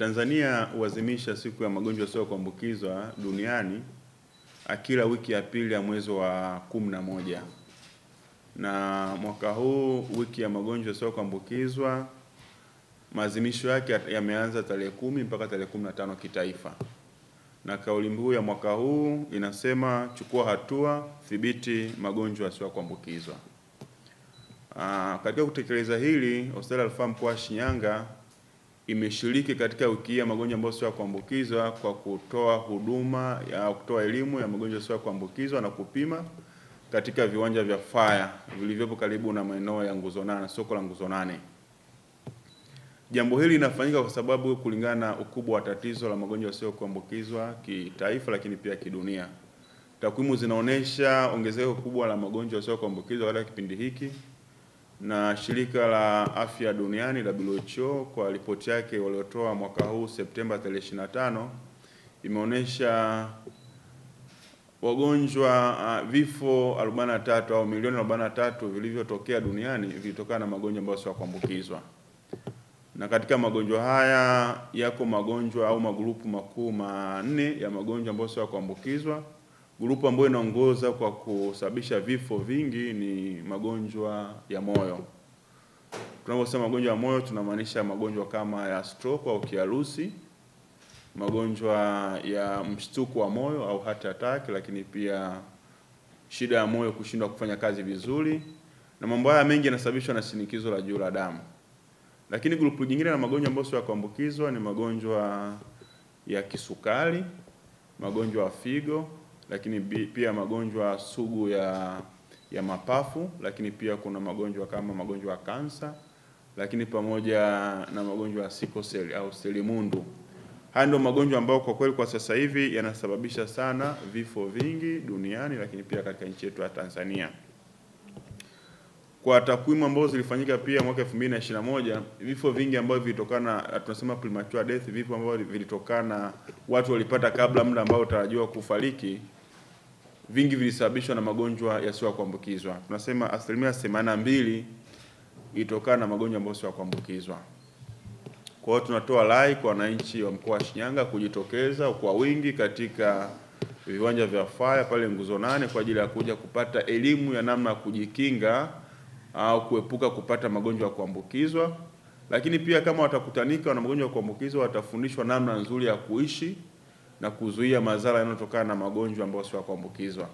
Tanzania huadhimisha siku ya magonjwa yasiyo kuambukizwa duniani ah, kila wiki ya pili ya mwezi wa kumi na moja na mwaka huu wiki ya magonjwa yasiyo kuambukizwa maadhimisho yake yameanza tarehe kumi mpaka tarehe kumi na tano kitaifa, na kauli mbiu ya mwaka huu inasema chukua hatua, thibiti magonjwa yasiyo kuambukizwa. Ah, katika kutekeleza hili, hospitali ya rufaa mkoa wa Shinyanga imeshiriki katika wiki ya magonjwa ambayo sio ya kuambukizwa kwa kutoa huduma ya kutoa elimu ya magonjwa sio ya kuambukizwa na kupima katika viwanja vya faya vilivyopo karibu na maeneo ya nguzo nane, soko la nguzo nane. Jambo hili linafanyika kwa sababu kulingana na ukubwa wa tatizo la magonjwa sio kuambukizwa kitaifa, lakini pia kidunia. Takwimu zinaonyesha ongezeko kubwa la magonjwa sio kuambukizwa katika kipindi hiki na shirika la afya duniani WHO kwa ripoti yake waliotoa mwaka huu Septemba 25 imeonyesha wagonjwa uh, vifo 43 au milioni 43 vilivyotokea duniani vilitokana na magonjwa ambayo sio kuambukizwa, na katika magonjwa haya yako magonjwa au magrupu makuu manne ya magonjwa ambayo sio kuambukizwa Grupu ambayo inaongoza kwa kusababisha vifo vingi ni magonjwa ya moyo. Tunaposema magonjwa ya moyo tunamaanisha magonjwa kama ya stroke au kiharusi, magonjwa ya mshtuko wa moyo au heart attack, lakini pia shida ya moyo kushindwa kufanya kazi vizuri, na mambo haya mengi yanasababishwa na shinikizo la juu la damu. Lakini grupu nyingine la magonjwa ambayo sio ya kuambukizwa ni magonjwa ya kisukari, magonjwa ya figo lakini pia magonjwa sugu ya ya mapafu, lakini pia kuna magonjwa kama magonjwa ya kansa, lakini pamoja na magonjwa ya sickle cell au selimundu. Haya ndio magonjwa ambayo kwa kweli kwa sasa hivi yanasababisha sana vifo vingi duniani, lakini pia katika nchi yetu ya Tanzania. Kwa takwimu ambazo zilifanyika pia mwaka 2021 vifo vingi ambavyo vilitokana, tunasema premature death, vifo ambavyo vilitokana watu walipata kabla muda ambao utarajiwa kufariki vingi vilisababishwa na magonjwa yasiyo kuambukizwa. Tunasema asilimia themanini na mbili ilitokana na magonjwa ambayo sio kuambukizwa. Kwa hiyo tunatoa rai kwa wananchi wa mkoa wa Shinyanga kujitokeza kwa wingi katika viwanja vya Faya pale nguzo nane kwa ajili ya kuja kupata elimu ya namna ya kujikinga au kuepuka kupata magonjwa ya kuambukizwa, lakini pia kama watakutanika na magonjwa ya kuambukizwa watafundishwa namna nzuri ya kuishi na kuzuia madhara yanayotokana na magonjwa ambayo sio ya kuambukizwa.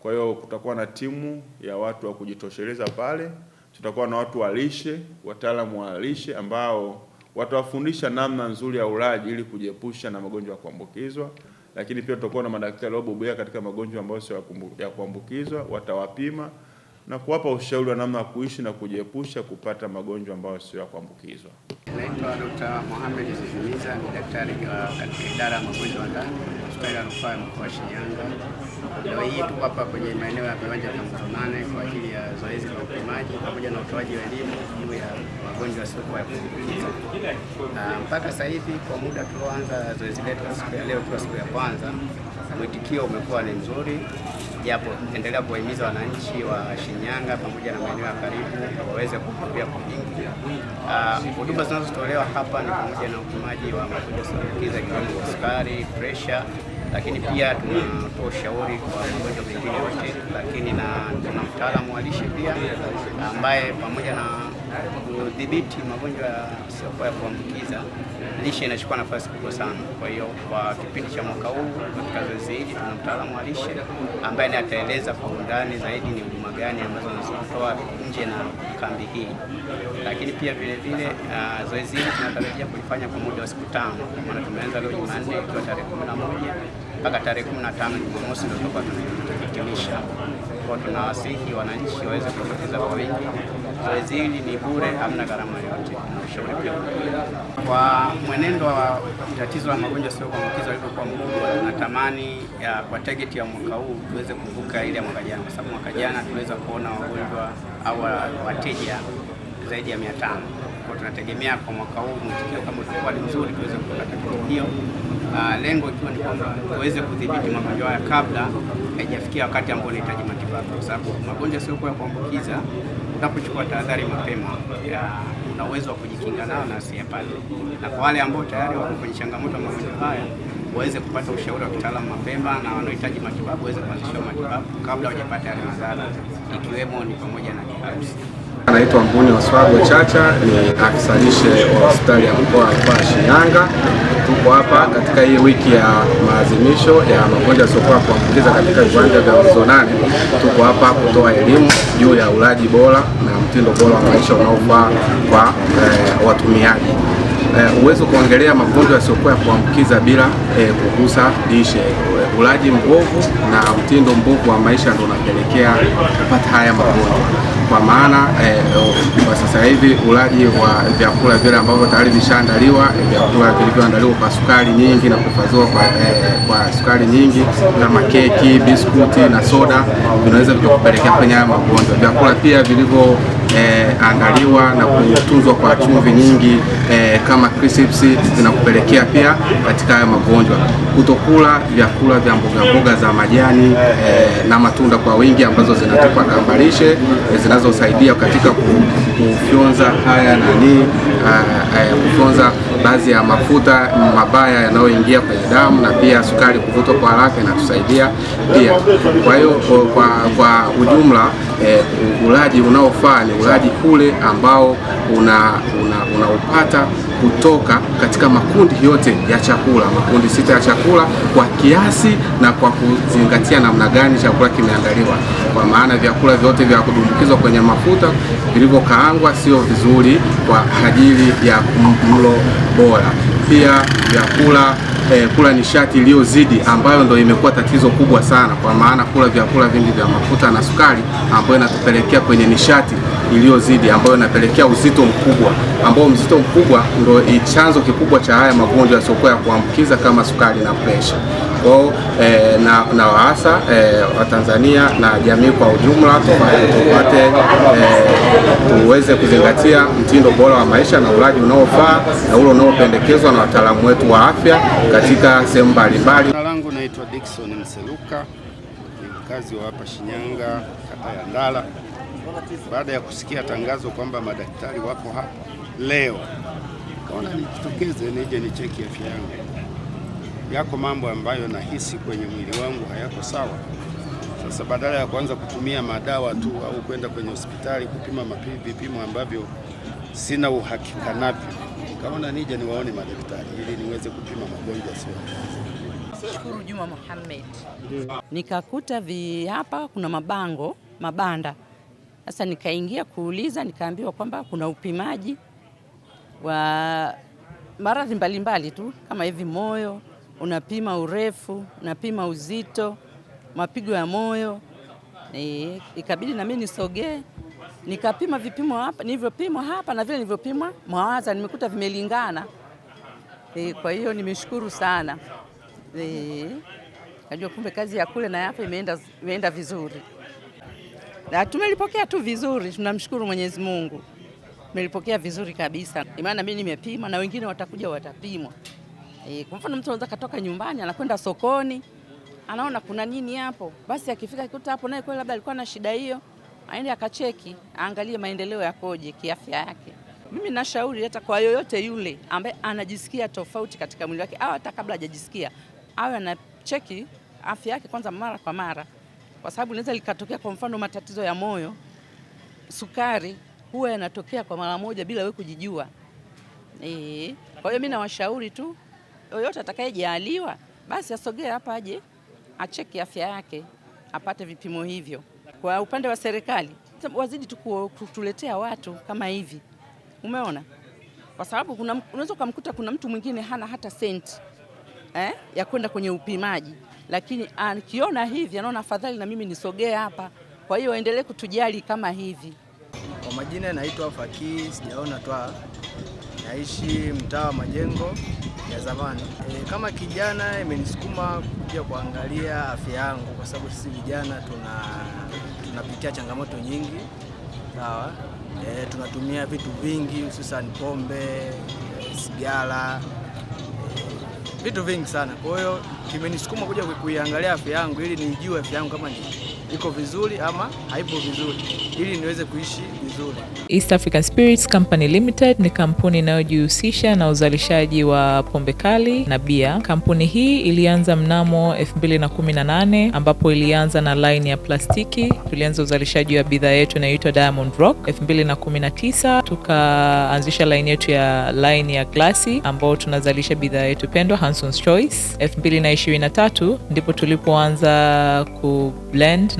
Kwa hiyo kutakuwa na timu ya watu wa kujitosheleza pale, tutakuwa na watu wa lishe, wataalamu wa lishe ambao watawafundisha namna nzuri ya ulaji ili kujiepusha na magonjwa ya kuambukizwa, lakini pia tutakuwa na madaktari waliobobea katika magonjwa ambayo sio ya kuambukizwa, watawapima na kuwapa ushauri wa namna ya kuishi na kujiepusha kupata magonjwa ambayo sio ya kuambukizwa. Naitwa Dr. Mohamed Zizimiza, ni daktari katika idara ya magonjwa ndani hospitali ya rufaa ya mkoa wa Shinyanga. Leo hii tuko hapa kwenye maeneo ya viwanja vya Mzumane kwa ajili ya zoezi la upimaji pamoja na utoaji wa elimu juu ya magonjwa yasiyokuwa ya kuambukiza. Na mpaka sasa hivi kwa muda tulioanza zoezi letu siku ya leo kwa siku ya kwanza, mwitikio umekuwa ni mzuri japo endelea kuwahimiza wananchi wa Shinyanga pamoja na maeneo ya karibu waweze kuhudhuria kwa wingi. Ah, huduma uh, zinazotolewa hapa ni pamoja na upimaji wa magonjwa kuambukiza ikiwemo sukari, presha, lakini pia tunatoa ushauri kwa magonjwa mengine yote, lakini na tuna mtaalamu wa lishe pia ambaye pamoja na kudhibiti magonjwa yasiyokuwa ya kuambukiza, lishe inachukua nafasi kubwa sana. Kwa hiyo kwa kipindi cha mwaka huu katika zoezi hili tuna mtaalamu wa lishe ambaye ni ataeleza kwa undani zaidi ni huduma gani ambazo zinatoa nje na kambi hii, lakini pia vile uh, zoezi hili tunatarajia kulifanya kwa muda wa siku tano, kwa maana tumeanza leo Jumanne ikiwa tarehe kumi na moja mpaka tarehe kumi na tano Jumamosi ndio tutakuwa tunahitimisha. Kwa tunawasihi wananchi waweze kujitokeza kwa wingi Zoezi hili ni bure, hamna gharama yoyote. ushauri pia kwa mwenendo wa tatizo la magonjwa sio kuambukiza alivyokuwa mkubwa, tunatamani kwa target ya mwaka huu tuweze kuvuka ile ya mwaka jana, kwa sababu mwaka jana tuliweza kuona wagonjwa au wateja zaidi ya mia Kwa tunategemea kwa mwaka huu mwitikio kama utakuwa mzuri tuweze kupata hiyo uh, lengo ikiwa ni kwamba tuweze kudhibiti magonjwa haya kabla haijafikia wakati ambao unahitaji matibabu, kwa sababu magonjwa sio ya kuambukiza. Unapochukua tahadhari mapema, una uwezo wa kujikinga nayo na pale, na kwa wale ambao tayari wako kwenye changamoto ya magonjwa haya waweze kupata ushauri wa kitaalamu mapema, na wanaohitaji matibabu waweze kuanzishiwa matibabu kabla hawajapata yale madhara, ikiwemo ni pamoja na kiharusi. Anaitwa Mbuni Waswago Chacha, ni afisa lishe wa hospitali ya mkoa wa Shinyanga. Tuko hapa katika hii wiki ya maadhimisho ya magonjwa yasiyokuwa kuambukiza katika viwanja vya Nguzo Tuko hapa kutoa elimu juu ya ulaji bora na mtindo bora wa maisha unaofaa kwa eh, watumiaji eh, uwezo kuongelea magonjwa yasiyokuwa ya kuambukiza bila e, kugusa lishe. Eh, ulaji mbovu na mtindo mbovu wa maisha ndio unapelekea kupata haya magonjwa, kwa maana e, kwa sasa hivi ulaji wa vyakula vile ambavyo tayari vishaandaliwa, vyakula vilivyoandaliwa kwa sukari nyingi na kuhifadhiwa kwa, e, kwa sukari nyingi kama keki, biskuti na soda vinaweza vikakupelekea kwenye haya magonjwa. Vyakula pia vilivyo eh, angaliwa na kutunzwa kwa chumvi nyingi eh, kama crisps zinakupelekea pia katika haya magonjwa. Kutokula vyakula vya mboga mboga za majani eh, na matunda kwa wingi ambazo zinatupa kambarishe eh, zinazosaidia katika kufyonza haya nani eh, eh, kufyonza eh, baadhi ya mafuta mabaya yanayoingia kwenye damu na pia sukari kuvutwa kwa haraka inatusaidia pia. Kwa hiyo kwa, kwa ujumla eh, ulaji unaofaa ni ulaji ule ambao unaupata una, una kutoka katika makundi yote ya chakula, makundi sita ya chakula kwa kiasi na kwa kuzingatia namna gani chakula kimeandaliwa, kwa maana vyakula vyote vya kudumbukizwa kwenye mafuta vilivyokaangwa sio vizuri kwa ajili ya mlo bora pia vyakula eh, kula nishati iliyozidi ambayo ndo imekuwa tatizo kubwa sana, kwa maana kula vyakula vingi vya mafuta na sukari ambayo inatupelekea kwenye nishati iliyozidi ambayo inapelekea uzito mkubwa, ambao mzito mkubwa ndo chanzo kikubwa cha haya magonjwa yasiokuwa ya kuambukiza kama sukari na presha kwao eh, na, na waasa eh, Watanzania na jamii kwa ujumla tupate eh, tuweze kuzingatia mtindo bora wa maisha na ulaji unaofaa na ule unaopendekezwa na wataalamu wetu wa afya katika sehemu mbalimbali. Jina langu naitwa Dickson Mseluka ni mkazi wa hapa Shinyanga, kata ya Ndala. Baada ya kusikia tangazo kwamba madaktari wako hapa leo, kaona nijitokeze nije nicheki afya yangu yako mambo ambayo nahisi kwenye mwili wangu hayako sawa. Sasa badala ya kuanza kutumia madawa tu au kwenda kwenye hospitali kupima vipimo ambavyo sina uhakika navyo, nikaona nije niwaone madaktari ili niweze kupima magonjwa sio. Shukuru Juma Mohamed, nikakuta vi hapa kuna mabango mabanda. Sasa nikaingia kuuliza, nikaambiwa kwamba kuna upimaji wa maradhi mbalimbali tu kama hivi moyo unapima urefu, unapima uzito, mapigo ya moyo. E, ikabidi na mimi nisogee nikapima vipimo hapa nilivyopimwa hapa na vile nilivyopimwa mwawaza nimekuta vimelingana. E, kwa hiyo nimeshukuru sana. E, najua kumbe kazi ya kule na hapa imeenda, imeenda vizuri na tumelipokea tu vizuri, tunamshukuru Mwenyezi Mungu, tumelipokea vizuri kabisa, maana mimi nimepima na wengine watakuja watapimwa. E, kwa mfano mtu anaweza katoka nyumbani anakwenda sokoni anaona kuna nini hapo, basi akifika kikuta hapo naye kweli labda alikuwa na shida hiyo, aende akacheki aangalie maendeleo yakoje kiafya yake. Mimi nashauri hata kwa yoyote yule ambaye anajisikia tofauti katika mwili wake au hata kabla hajajisikia awe anacheki afya yake kwanza mara kwa mara, kwa sababu inaweza likatokea kwa mfano matatizo ya moyo, sukari huwa yanatokea kwa mara moja bila wewe kujijua. E, kwa hiyo mimi nawashauri tu yoyote atakayejaliwa basi asogee hapa aje acheki afya yake apate vipimo hivyo. Kwa upande wa serikali wazidi kutuletea watu kama hivi, umeona, kwa sababu unaweza ukamkuta kuna mtu mwingine hana hata senti eh, ya kwenda kwenye upimaji, lakini akiona hivi anaona afadhali na mimi nisogee hapa. Kwa hiyo waendelee kutujali kama hivi. Kwa majina naitwa Fakii sijaona twa naishi mtaa wa Majengo ya zamani. E, kama kijana imenisukuma kuja kuangalia afya yangu kwa sababu sisi vijana tuna tunapitia changamoto nyingi, sawa. E, tunatumia vitu vingi hususan pombe, sigara, e, vitu vingi sana. Kwa hiyo kimenisukuma kuja kuiangalia afya yangu ili nijue afya yangu kama ni iko vizuri ama haipo vizuri, ili niweze kuishi vizuri. East African Spirits Company Limited ni kampuni inayojihusisha na uzalishaji wa pombe kali na bia. Kampuni hii ilianza mnamo 2018 ambapo ilianza na line ya plastiki. Tulianza uzalishaji wa bidhaa yetu inayoitwa Diamond Rock. 2019 tukaanzisha line yetu ya line ya glasi ambao tunazalisha bidhaa yetu pendwa Hanson's Choice. 2023 ndipo tulipoanza ku blend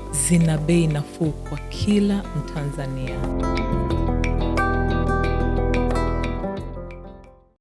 zina bei nafuu kwa kila Mtanzania.